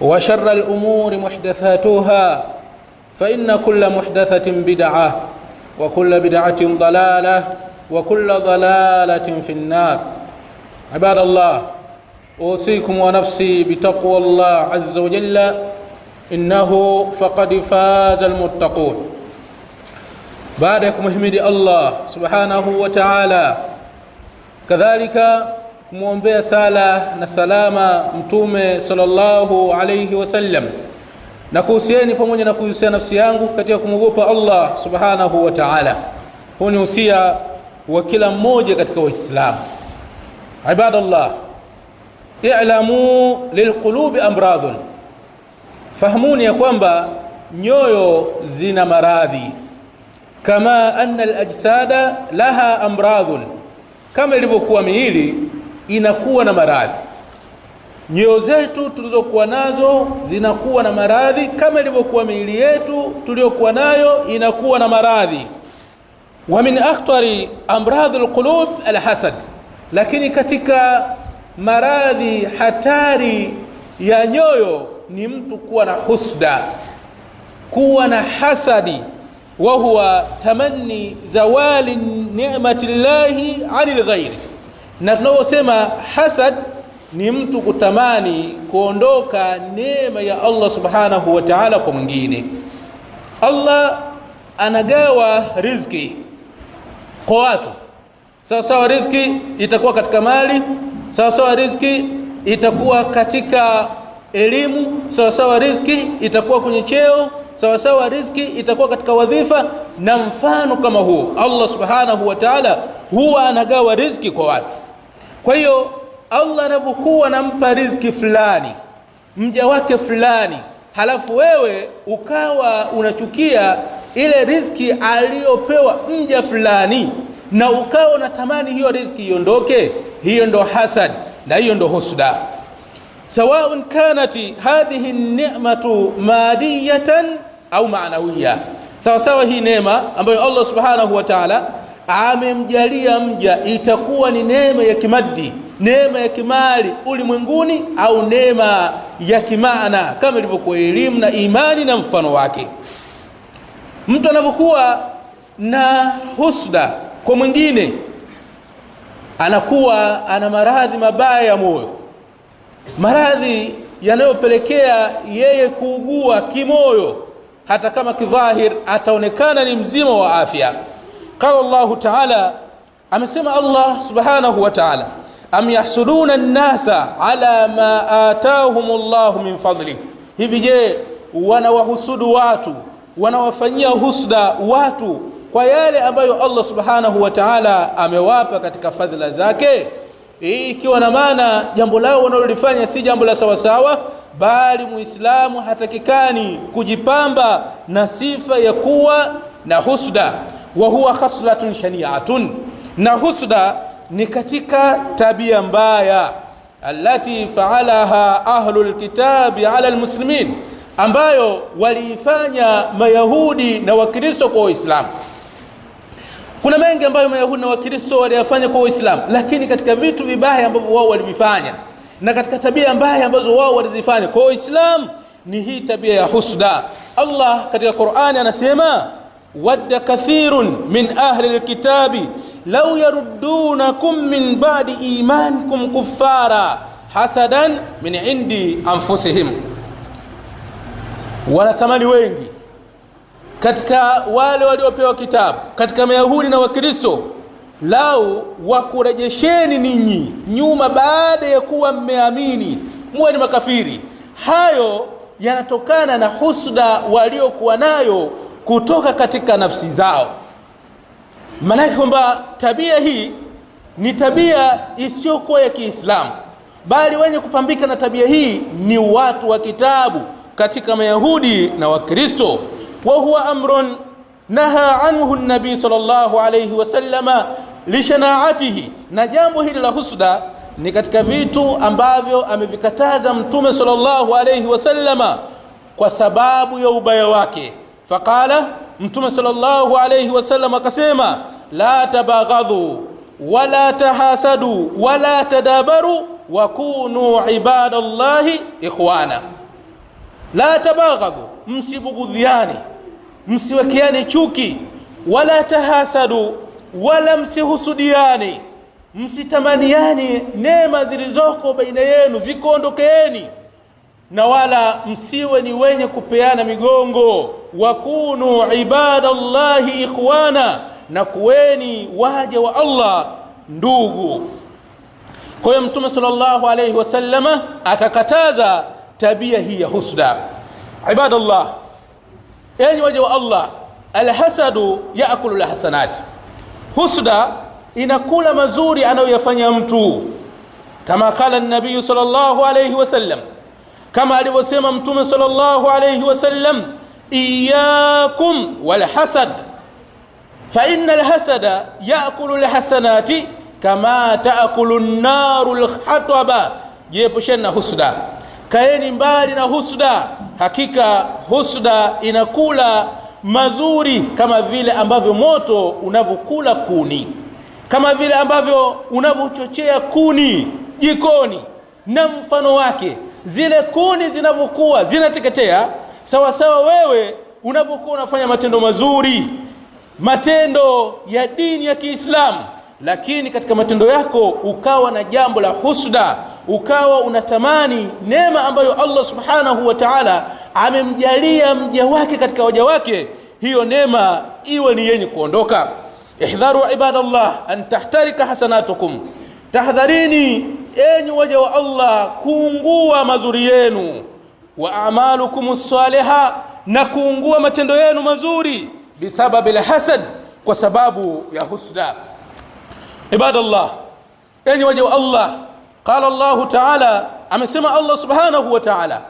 وشر الأمور محدثاتها فإن كل محدثة بدعة وكل بدعة ضلالة وكل ضلالة في النار عباد الله أوصيكم ونفسي بتقوى الله عز وجل إنه فقد فاز المتقون بعدك محمد الله سبحانه وتعالى كذلك kumwombea sala na salama Mtume sallallahu alayhi wasallam, na kuhusieni pamoja na kuhusia nafsi yangu katika kumwogopa Allah subhanahu wa ta'ala. Huu ni usia wa kila mmoja katika Waislamu. Ibadallah, i'lamu lilqulubi amradhun, fahamuni ya kwamba nyoyo zina maradhi kama anna alajsada laha amradhun, kama ilivyokuwa miili inakuwa na maradhi. Nyoyo zetu tulizokuwa nazo zinakuwa na maradhi, kama ilivyokuwa miili yetu tuliyokuwa nayo inakuwa na maradhi. Wa min akhtari amradhi alqulub alhasad, lakini katika maradhi hatari ya nyoyo ni mtu kuwa na husda, kuwa na hasadi wa huwa tamanni zawali ni'mati llahi ani alghayri na tunavyosema hasad ni mtu kutamani kuondoka neema ya Allah subhanahu wa ta'ala kwa mwingine. Allah anagawa riziki kwa watu sawasawa, riziki itakuwa katika mali, sawasawa, riziki itakuwa katika elimu, sawasawa, riziki itakuwa kwenye cheo, sawasawa, riziki itakuwa katika wadhifa na mfano kama huo. Allah subhanahu wa ta'ala huwa anagawa riziki kwa watu kwa hiyo Allah anavyokuwa anampa riziki fulani mja wake fulani, halafu wewe ukawa unachukia ile riziki aliyopewa mja fulani, na ukawa unatamani hiyo riziki iondoke, hiyo ndo hasad na hiyo ndo husda. Sawaun kanati hadhihi nimatu madiyatan au maanawiya, sawasawa hii neema ambayo Allah subhanahu wa ta'ala amemjalia mja, itakuwa ni neema ya kimaddi, neema ya kimali ulimwenguni, au neema ya kimaana kama ilivyokuwa elimu na imani na mfano wake. Mtu anavyokuwa na husda kwa mwingine, anakuwa ana maradhi mabaya ya moyo, maradhi yanayopelekea yeye kuugua kimoyo, hata kama kidhahir ataonekana ni mzima wa afya Qala llahu taala, amesema Allah subhanahu wa taala, am yahsuduna nnasa ala ma atahum llahu min fadlih, hivi je, wanawahusudu watu, wanawafanyia husda watu kwa yale ambayo Allah subhanahu wa taala amewapa katika fadhila zake. Hii ikiwa na maana jambo lao wanalolifanya si jambo la sawasawa, bali muislamu hatakikani kujipamba na sifa ya kuwa na husda wa huwa khaslatun shaniatun, na husda ni katika tabia mbaya allati faalaha ahlu lkitabi ala lmuslimin, ambayo waliifanya Mayahudi na Wakristo kwa Waislamu. Kuna mengi ambayo Mayahudi na Wakristo waliyafanya kwa Waislamu, lakini katika vitu vibaya ambavyo wao walivifanya na katika tabia mbaya ambazo wao walizifanya kwa Waislamu ni hii tabia ya husda. Allah katika Qur'ani anasema wadda kathirun min ahli lkitabi lau yaruddunakum min badi imankum kuffara hasadan min indi anfusihim, wanatamani wengi katika wale waliopewa kitabu katika Mayahudi na Wakristo, lau wakurejesheni ninyi nyuma baada ya kuwa mmeamini muwe ni makafiri. Hayo yanatokana na husda waliokuwa nayo kutoka katika nafsi zao. Maana kwamba tabia hii ni tabia isiyokuwa ya Kiislamu, bali wenye kupambika na tabia hii ni watu wa kitabu katika Mayahudi na Wakristo. wa huwa amrun naha anhu nabii sallallahu alayhi wasallama lishanaatihi, na jambo hili la husda ni katika vitu ambavyo amevikataza Mtume sallallahu alayhi wasallama kwa sababu ya ubaya wake. Faqala, Mtume sallallahu alayhi wasallam akasema, la tabaghadhu wala tahasadu wala tadabaru wa kunu ibadallahi ikhwana. La tabaghadhu, msibughudhiani, msiwekeani chuki, wala tahasadu, wala msihusudiani, msitamaniani neema zilizoko baina yenu, vikondokeeni na wala msiwe ni wenye kupeana migongo. Wakunu ibadallahi ikhwana, na kuweni waja wa Allah ndugu. Kwa hiyo Mtume sallallahu alayhi wasallama akakataza tabia hii ya husda. Ibadallah, enyi waja wa Allah, alhasadu yaakulu lhasanati, husda inakula mazuri anayoyafanya mtu. Kama kala nabiyu sallallahu alayhi wasallam kama alivyosema Mtume sallallahu alayhi wasallam, iyyakum walhasad fa inna alhasada yakulu alhasanati kama taakulu nnaru lhataba, jiepusheni na husda, kaeni mbali na husda, hakika husda inakula mazuri kama vile ambavyo moto unavyokula kuni, kama vile ambavyo unavyochochea kuni jikoni na mfano wake zile kuni zinavyokuwa zinateketea, sawa sawa wewe unapokuwa unafanya matendo mazuri, matendo ya dini ya Kiislamu, lakini katika matendo yako ukawa na jambo la husda, ukawa unatamani neema ambayo Allah subhanahu wa ta'ala amemjalia mja wake katika waja wake, hiyo neema iwe ni yenye kuondoka. Ihdharu ibadallah an tahtarika hasanatukum, tahdharini enyi waja wa Allah, kuungua mazuri yenu, wa amalukum saliha, na kuungua matendo yenu mazuri, bisababi lhasad, kwa sababu ya husda. Ibadallah, enyi waja wa Allah, qala Allahu taala, amesema Allah subhanahu wa taala,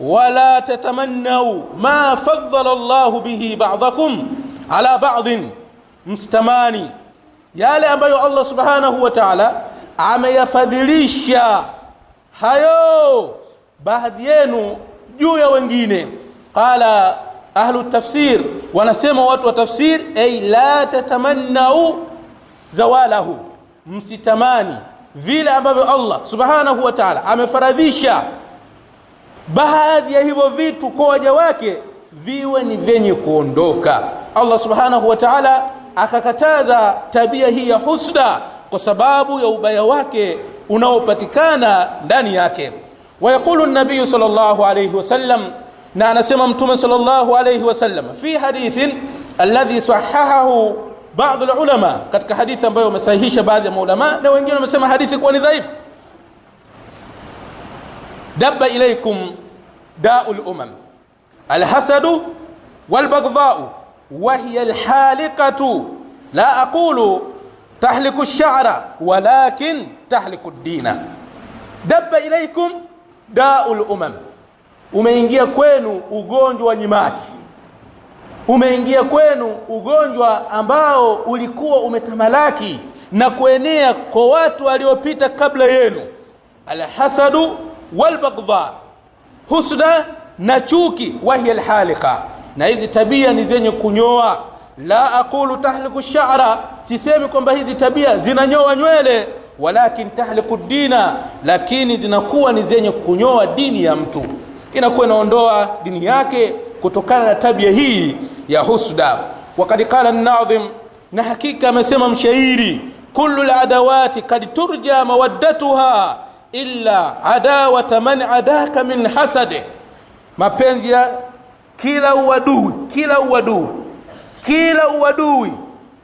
wala tatamannau ma faddala Allahu bihi ba'dakum ala ba'din, msitamani yale ambayo Allah subhanahu wa taala ameyafadhilisha hayo baadhi yenu juu ya wengine. Qala ahlu tafsir, wanasema watu wa tafsir, ay la tatamannau zawalahu, msitamani vile ambavyo Allah subhanahu wa ta'ala amefaradhisha baadhi ya hivyo vitu kwa waja wake viwe ni vyenye kuondoka. Allah subhanahu wa ta'ala akakataza tabia hii ya husda kwa sababu ya ubaya wake unaopatikana ndani yake. Wayaqulu nabiyu sallallahu alayhi wasallam, na anasema Mtume sallallahu alayhi wasallam fi hadithin alladhi sahahahu baadhi ulama, katika hadithi ambayo wamesahihisha baadhi ya maulama na wengine wamesema hadithi kuwa ni dhaifu. Dabba ilaykum daul umam alhasadu walbaghdhau wa hiya alhaliqatu la aqulu tahliku shara walakin tahliku dina. Dabba ilaikum dau lumam umeingia kwenu ugonjwa wa nyimati, umeingia kwenu ugonjwa ambao ulikuwa umetamalaki na kuenea kwa watu waliopita kabla yenu, alhasadu walbagdha, husda na chuki, wahiya alhalika, na hizi tabia ni zenye kunyoa la aqulu tahliku sha'ra, sisemi kwamba hizi tabia zinanyoa nywele, walakin tahliku dina, lakini zinakuwa ni zenye kunyoa dini ya mtu, inakuwa inaondoa dini yake kutokana na tabia hii ya husda. Wakad qala an-nadhim, na hakika amesema mshairi, kullu al-adawati kad turja mawaddatuha illa adawata man adaka min hasade, mapenzi ya kila uadui, kila uadui kila uadui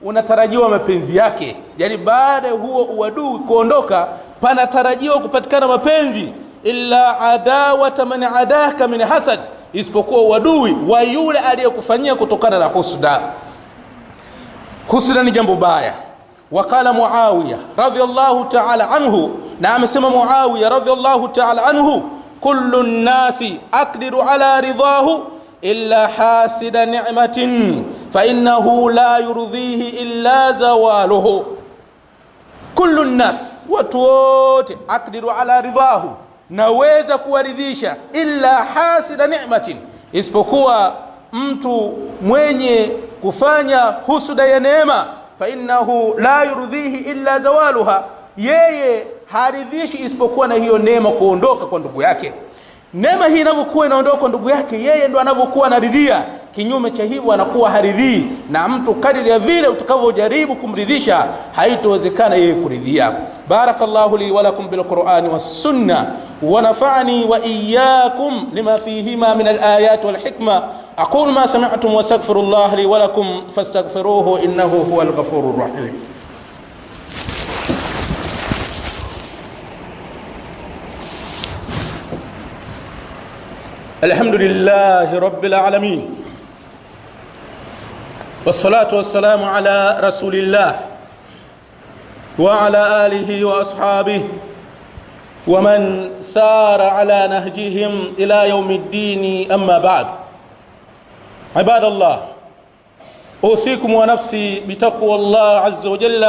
unatarajiwa mapenzi yake, yaani baada ya huo uadui kuondoka, panatarajiwa kupatikana mapenzi. Illa adawata man adaka min hasad, isipokuwa uadui wa yule aliyekufanyia kutokana na husda. Husda ni jambo baya. Wakala Muawiya radhiallahu ta'ala anhu, na amesema Muawiya radhiallahu ta'ala anhu, kullu nnasi aqdiru ala ridhahu illa hasida ni'matin fa innahu la yurdhihi illa zawaluhu. Kullu nnas, watu wote, akdiru ala ridhahu, naweza kuwaridhisha, illa hasida ni'matin, isipokuwa mtu mwenye kufanya husuda ya neema. Fa innahu la yurdhihi illa zawaluha, yeye haridhishi isipokuwa na hiyo neema kuondoka kwa ndugu yake. Neema hii inavyokuwa inaondoka kwa ndugu yake, yeye ndo anavyokuwa anaridhia. Kinyume cha hivyo, anakuwa haridhii, na mtu kadiri ya vile utakavyojaribu kumridhisha, haitowezekana yeye kuridhia. Barakallahu li wa bilqurani bil Qur'ani was wa iyyakum lima fihima min al walhikma wal aqulu ma sami'tum wa astaghfirullah li wa lakum fastaghfiruhu innahu huwal ghafurur rahim. الحمد لله رب العالمين والصلاة والسلام على رسول الله وعلى آله وأصحابه ومن سار على نهجهم إلى يوم الدين أما بعد عباد الله أوصيكم ونفسي بتقوى الله عز وجل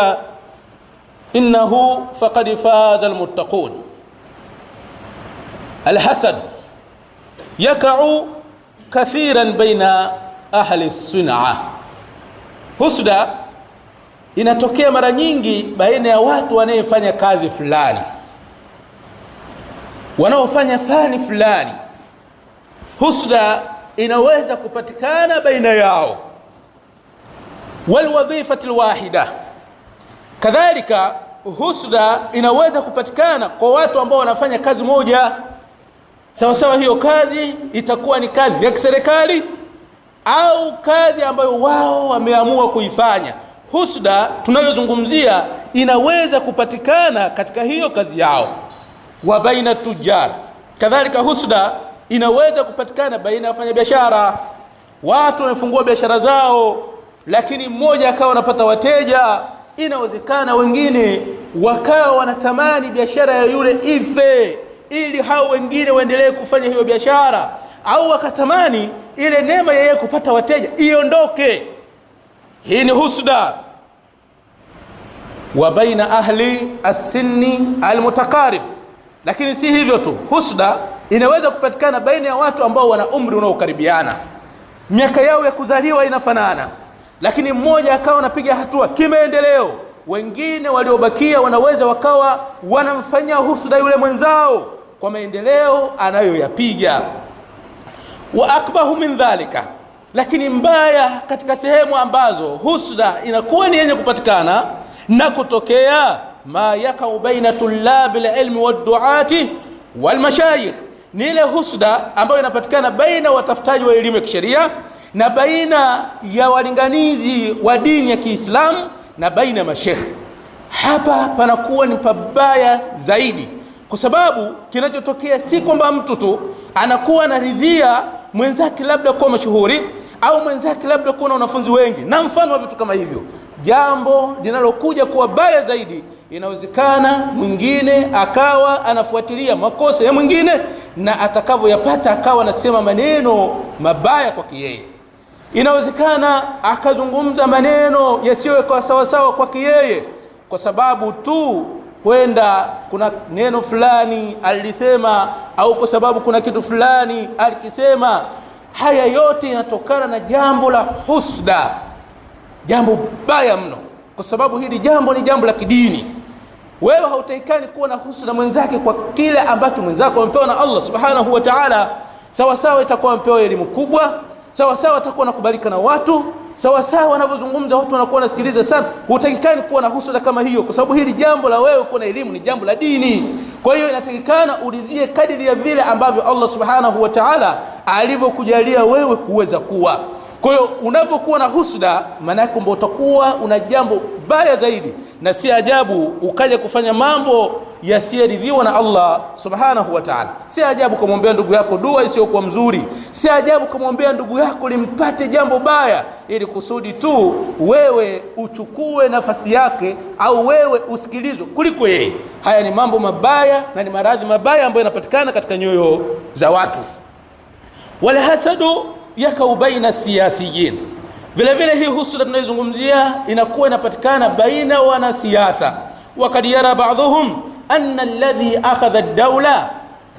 إنه فقد فاز المتقون الحسد yakau kathiran baina ahli sunaa, husda inatokea mara nyingi baina ya watu wanayefanya kazi fulani, wanaofanya fani fulani. Husda inaweza kupatikana baina yao walwadhifati lwahida. Kadhalika, husda inaweza kupatikana kwa watu ambao wanafanya kazi moja sawa sawa, hiyo kazi itakuwa ni kazi ya kiserikali au kazi ambayo wao wameamua kuifanya. Husda tunayozungumzia inaweza kupatikana katika hiyo kazi yao, wa baina tujar. Kadhalika, husda inaweza kupatikana baina ya wafanyabiashara. Watu wamefungua biashara zao, lakini mmoja akawa anapata wateja, inawezekana wengine wakawa wanatamani biashara ya yule ife ili hao wengine waendelee kufanya hiyo biashara, au wakatamani ile neema ya yeye kupata wateja iondoke. Hii ni husda wa baina ahli asinni almutaqarib. Lakini si hivyo tu, husda inaweza kupatikana baina ya watu ambao wana umri unaokaribiana, miaka yao ya kuzaliwa inafanana, lakini mmoja akawa anapiga hatua kimaendeleo, wengine waliobakia wanaweza wakawa wanamfanyia husda yule mwenzao kwa maendeleo anayoyapiga. Wa akbahu min dhalika, lakini mbaya katika sehemu ambazo husda inakuwa ni yenye kupatikana na kutokea, ma yakau baina tulabi lilmi waduati walmashayikh, ni ile husda ambayo inapatikana baina watafutaji wa elimu ya kisheria na baina ya walinganizi wa dini ya Kiislamu na baina ya mashekhe. Hapa panakuwa ni pabaya zaidi kwa sababu kinachotokea si kwamba mtu tu anakuwa anaridhia mwenzake labda kuwa mashuhuri au mwenzake labda kuwa na wanafunzi wengi na mfano wa vitu kama hivyo. Jambo linalokuja kuwa baya zaidi, inawezekana mwingine akawa anafuatilia makosa ya mwingine na atakavyoyapata akawa anasema maneno mabaya kwake yeye. Inawezekana akazungumza maneno yasiyo sawasawa kwake yeye kwa sababu tu kwenda kuna neno fulani alisema, au kwa sababu kuna kitu fulani alikisema. Haya yote inatokana na jambo la husda, jambo baya mno, kwa sababu hili jambo ni jambo la kidini. Wewe hautaikani kuwa na husda mwenzake kwa kile ambacho mwenzako amepewa na Allah subhanahu wa ta'ala. Sawasawa itakuwa amepewa elimu kubwa, sawasawa atakuwa nakubalika na watu sawasawa wanavyozungumza watu wanakuwa wanasikiliza sana. Hutakikani kuwa na husuda kama hiyo, kwa sababu hili jambo la wewe kuwa na elimu ni jambo la dini. Kwa hiyo inatakikana uridhie kadiri ya vile ambavyo Allah subhanahu wa taala alivyokujalia wewe kuweza kuwa. Kwa hiyo unapokuwa na husuda, maana yake kwamba utakuwa una jambo baya zaidi, na si ajabu ukaja kufanya mambo yasiyeridhiwa na Allah subhanahu wa ta'ala. Si ajabu kumwombea ndugu yako dua isiyokuwa mzuri, si ajabu kumwombea ndugu yako limpate jambo baya, ili kusudi tu wewe uchukue nafasi yake au wewe usikilizwe kuliko yeye. Haya ni mambo mabaya na ni maradhi mabaya ambayo yanapatikana katika nyoyo za watu. Wala hasadu yakau baina siyasiyin, vile vile hii husuda tunayozungumzia inakuwa inapatikana baina wanasiasa. Wakad yara baadhuhum anna alladhi akhadha daula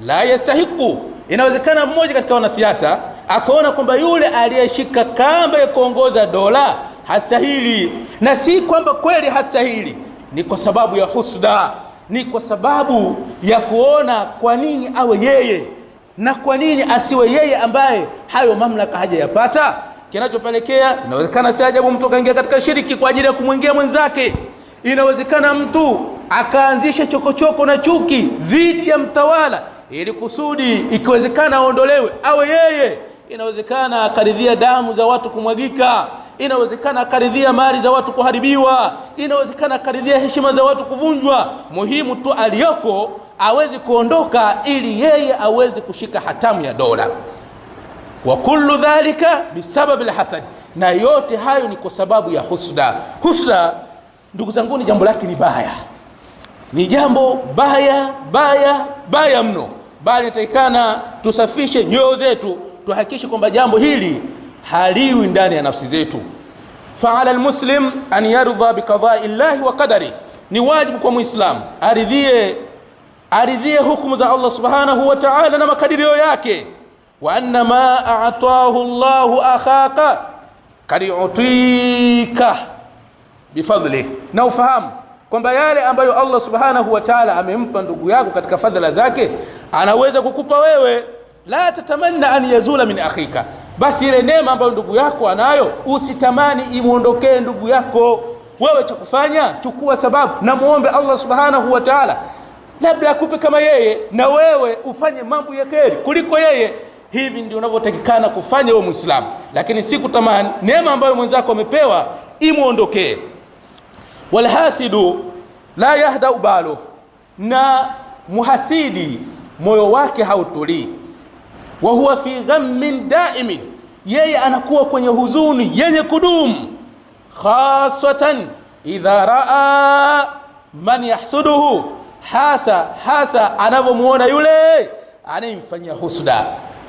la yastahiqu. Inawezekana mmoja katika wanasiasa akaona kwamba yule aliyeshika kamba ya kuongoza dola hastahili, na si kwamba kweli hastahili, ni kwa sababu ya husda, ni kwa sababu ya kuona kwa nini awe yeye na kwa nini asiwe yeye ambaye hayo mamlaka hajayapata, kinachopelekea inawezekana si ajabu mtu akaingia katika shiriki kwa ajili ya kumwingia mwenzake. Inawezekana mtu akaanzisha chokochoko na chuki dhidi ya mtawala, ili kusudi ikiwezekana aondolewe awe yeye. Inawezekana akaridhia damu za watu kumwagika, inawezekana akaridhia mali za watu kuharibiwa, inawezekana akaridhia heshima za watu kuvunjwa. Muhimu tu aliyoko awezi kuondoka, ili yeye aweze kushika hatamu ya dola. Wa kullu dhalika bisababi lhasadi na yote hayo ni kwa sababu ya husda. Husda ndugu zangu, ni jambo lake ni baya ni jambo baya baya baya mno, bali inatakikana tusafishe nyoyo zetu, tuhakikishe kwamba jambo hili haliwi ndani ya nafsi zetu. Faala almuslim an yardha biqadai llahi wa qadari, ni wajibu kwa muislamu aridhie aridhie hukumu za Allah subhanahu wa ta'ala na makadirio yake. wa anna ma a'tahu llahu akhaka kad yutika bifadli, na ufahamu kwamba yale ambayo Allah subhanahu wa ta'ala amempa ndugu yako katika fadhila zake anaweza kukupa wewe. La tatamanna an yazula min akhika, basi ile neema ambayo ndugu yako anayo usitamani imwondokee ndugu yako. Wewe cha kufanya, chukua sababu na muombe Allah subhanahu wa ta'ala, labda akupe kama yeye, na wewe ufanye mambo ya kheri kuliko yeye. Hivi ndio unavyotakikana kufanya wewe Muislamu, lakini si kutamani neema ambayo mwenzako amepewa imwondokee walhasidu la yahdau baluh, na muhasidi moyo wake hautulii. Wa huwa fi ghammin daimin, yeye anakuwa kwenye huzuni yenye kudumu. Khasatan idha raa man yahsuduhu, hasa hasa anavyomuona yule anayemfanyia husda.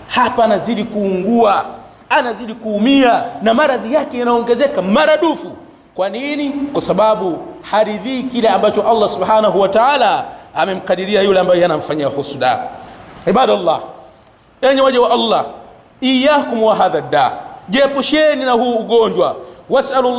Hapa anazidi kuungua, anazidi kuumia, na maradhi yake yanaongezeka maradufu. Kwa nini? Kwa sababu haridhii kile ambacho Allah subhanahu wa ta'ala amemkadiria yule ambaye anamfanyia husuda. Ibadallah, enyi waja wa Allah, iyakum wa hadha da, jiepusheni na huu ugonjwa.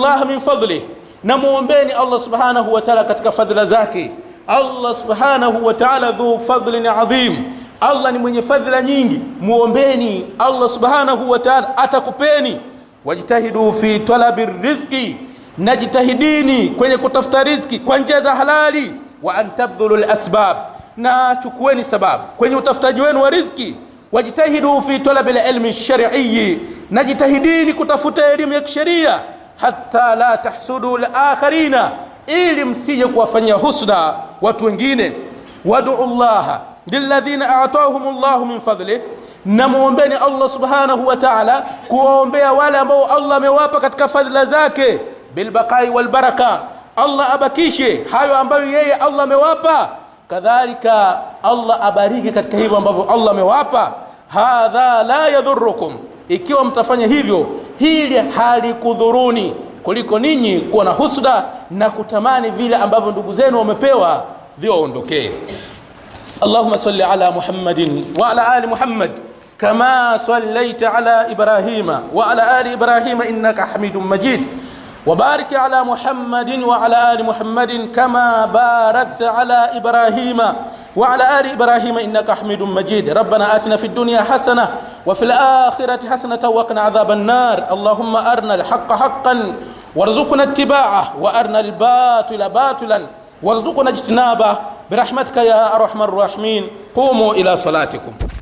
llaha min fadlih, na muombeni Allah subhanahu wa ta'ala katika fadhila zake. Allah subhanahu wa ta'ala dhu fadlin adhim, Allah ni mwenye fadhila nyingi. Muombeni Allah subhanahu wa ta'ala atakupeni. Wajtahidu fi talabi rizqi najitahidini kwenye kutafuta riziki kwa njia za halali, wa an lasbab, na chukueni sababu kwenye utafutaji wenu wa riziki. Wajitahidu fi talabi lilmi lshariyi, najitahidini kutafuta elimu ya kisheria. Hatta la tahsudu lakharina, ili msije kuwafanyia husda watu wengine. Waduu llaha liladhina atahum llahu min fadlih na muombeni Allah subhanahu wa ta'ala, kuwaombea wale ambao Allah amewapa katika fadhila zake bilbaqai walbaraka, Allah abakishe hayo ambayo yeye Allah amewapa, kadhalika Allah abariki katika hivyo ambavyo Allah amewapa. Hadha la yadhurukum, ikiwa mtafanya hivyo hili halikudhuruni, kuliko ninyi kuwa na husda na kutamani vile ambavyo ndugu zenu wamepewa viwaondokee. Allahumma salli ala Muhammadin wa ala ali Muhammad kama sallaita ala Ibrahima wa ala ali Ibrahima innaka hamidun majid وبارك على محمد وعلى آل محمد كما باركت على إبراهيم وعلى آل إبراهيم إنك حميد مجيد ربنا آتنا في الدنيا حسنة وفي الآخرة حسنة وقنا عذاب النار اللهم أرنا الحق حقا وارزقنا اتباعه وأرنا الباطل باطلا وارزقنا اجتنابه برحمتك يا أرحم الراحمين قوموا إلى صلاتكم